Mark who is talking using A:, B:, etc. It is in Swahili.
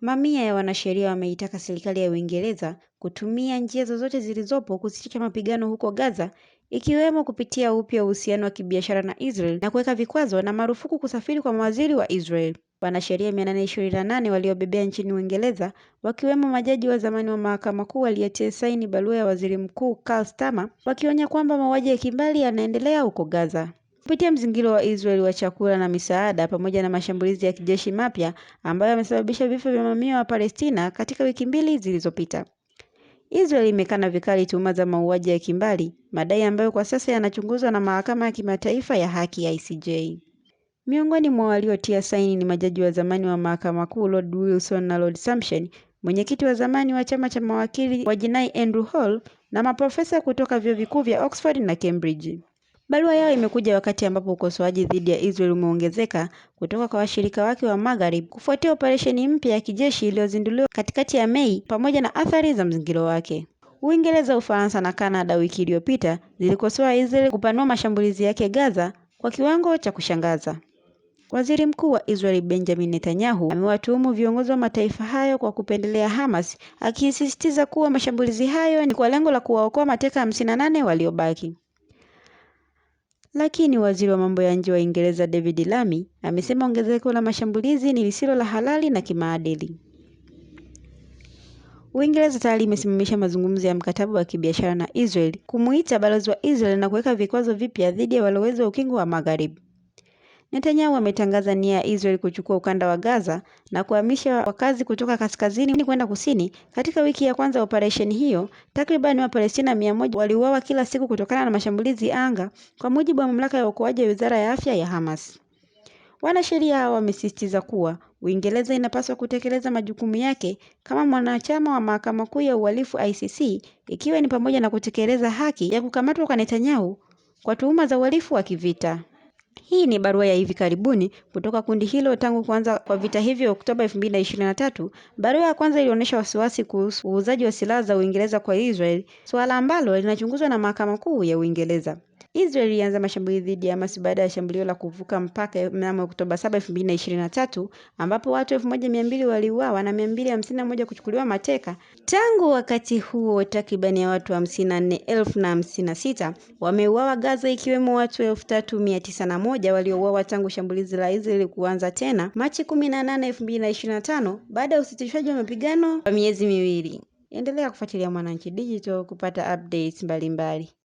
A: Mamia ya wanasheria wameitaka serikali ya Uingereza kutumia njia zozote zilizopo kusitisha mapigano huko Gaza ikiwemo kupitia upya uhusiano wa kibiashara na Israel na kuweka vikwazo na marufuku kusafiri kwa mawaziri wa Israel. Wanasheria 828 waliobebea nchini Uingereza wakiwemo majaji wa zamani wa Mahakama Kuu waliotia saini barua ya Waziri Mkuu Karl Starmer wakionya kwamba mauaji ya kimbari yanaendelea huko Gaza kupitia mzingiro wa Israeli wa chakula na misaada pamoja na mashambulizi ya kijeshi mapya ambayo yamesababisha vifo vya mamia wa Palestina katika wiki mbili zilizopita. Israeli imekana vikali tuhuma za mauaji ya kimbari, madai ambayo kwa sasa yanachunguzwa na Mahakama ya Kimataifa ya Haki ya ICJ. Miongoni mwa waliotia saini ni majaji wa zamani wa Mahakama Kuu Lord Wilson na Lord Sumption, mwenyekiti wa zamani wa chama cha mawakili wa jinai Andrew Hall na maprofesa kutoka vyuo vikuu vya Oxford na Cambridge. Barua yao imekuja wakati ambapo ukosoaji dhidi ya Israel umeongezeka kutoka kwa washirika wake wa Magharibi kufuatia operesheni mpya ya kijeshi iliyozinduliwa katikati ya Mei pamoja na athari za mzingiro wake. Uingereza, Ufaransa na Kanada wiki iliyopita zilikosoa Israel kupanua mashambulizi yake Gaza kwa kiwango cha kushangaza. Waziri Mkuu wa Israel Benjamin Netanyahu amewatuhumu viongozi wa mataifa hayo kwa kupendelea Hamas, akisisitiza kuwa mashambulizi hayo ni kwa lengo la kuwaokoa mateka 58 nane waliobaki. Lakini waziri wa mambo ya nje wa Uingereza David Lammy amesema ongezeko la mashambulizi ni lisilo la halali na kimaadili. Uingereza tayari imesimamisha mazungumzo ya mkataba wa kibiashara na Israel, kumuita balozi wa Israel na kuweka vikwazo vipya dhidi ya walowezi wa Ukingo wa Magharibi. Netanyahu ametangaza nia ya Israel kuchukua ukanda wa Gaza na kuhamisha wakazi kutoka kaskazini kwenda kusini. Katika wiki ya kwanza ya operesheni hiyo, takriban Wapalestina mia moja waliuawa kila siku kutokana na mashambulizi anga, kwa mujibu wa mamlaka ya uokoaji ya Wizara ya Afya ya Hamas. Wanasheria hao wamesisitiza kuwa Uingereza inapaswa kutekeleza majukumu yake kama mwanachama wa Mahakama Kuu ya Uhalifu ICC, ikiwa ni pamoja na kutekeleza haki ya kukamatwa kwa Netanyahu kwa tuhuma za uhalifu wa kivita. Hii ni barua ya hivi karibuni kutoka kundi hilo tangu kuanza kwa vita hivyo Oktoba 2023. Barua ya kwanza ilionyesha wasiwasi kuhusu uuzaji wa silaha za Uingereza kwa Israel, suala ambalo linachunguzwa na Mahakama Kuu ya Uingereza. Israel ilianza mashambulizi dhidi ya Hamas baada ya shambulio la kuvuka mpaka mnamo Oktoba 7, 2023 ambapo watu 1200 waliuawa na 251 kuchukuliwa mateka. Tangu wakati huo, takribani ya watu 54,056 wameuawa Gaza, ikiwemo watu 3901 waliouawa tangu shambulizi la Israel kuanza tena Machi 18, 2025 baada ya usitishwaji wa mapigano wa miezi miwili. Endelea kufuatilia Mwananchi Digital kupata updates mbalimbali.